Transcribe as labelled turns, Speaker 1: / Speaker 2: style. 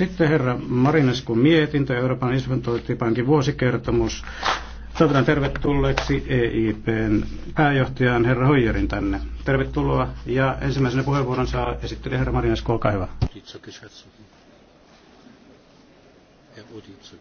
Speaker 1: Sitten herra Marinesku mietintö, Euroopan instrumentointipankin vuosikertomus. Toivotan tervetulleeksi EIPn pääjohtajan herra Hoijerin tänne. Tervetuloa ja ensimmäisenä puheenvuoron saa esitteli herra Marinesku olkaa hyvä.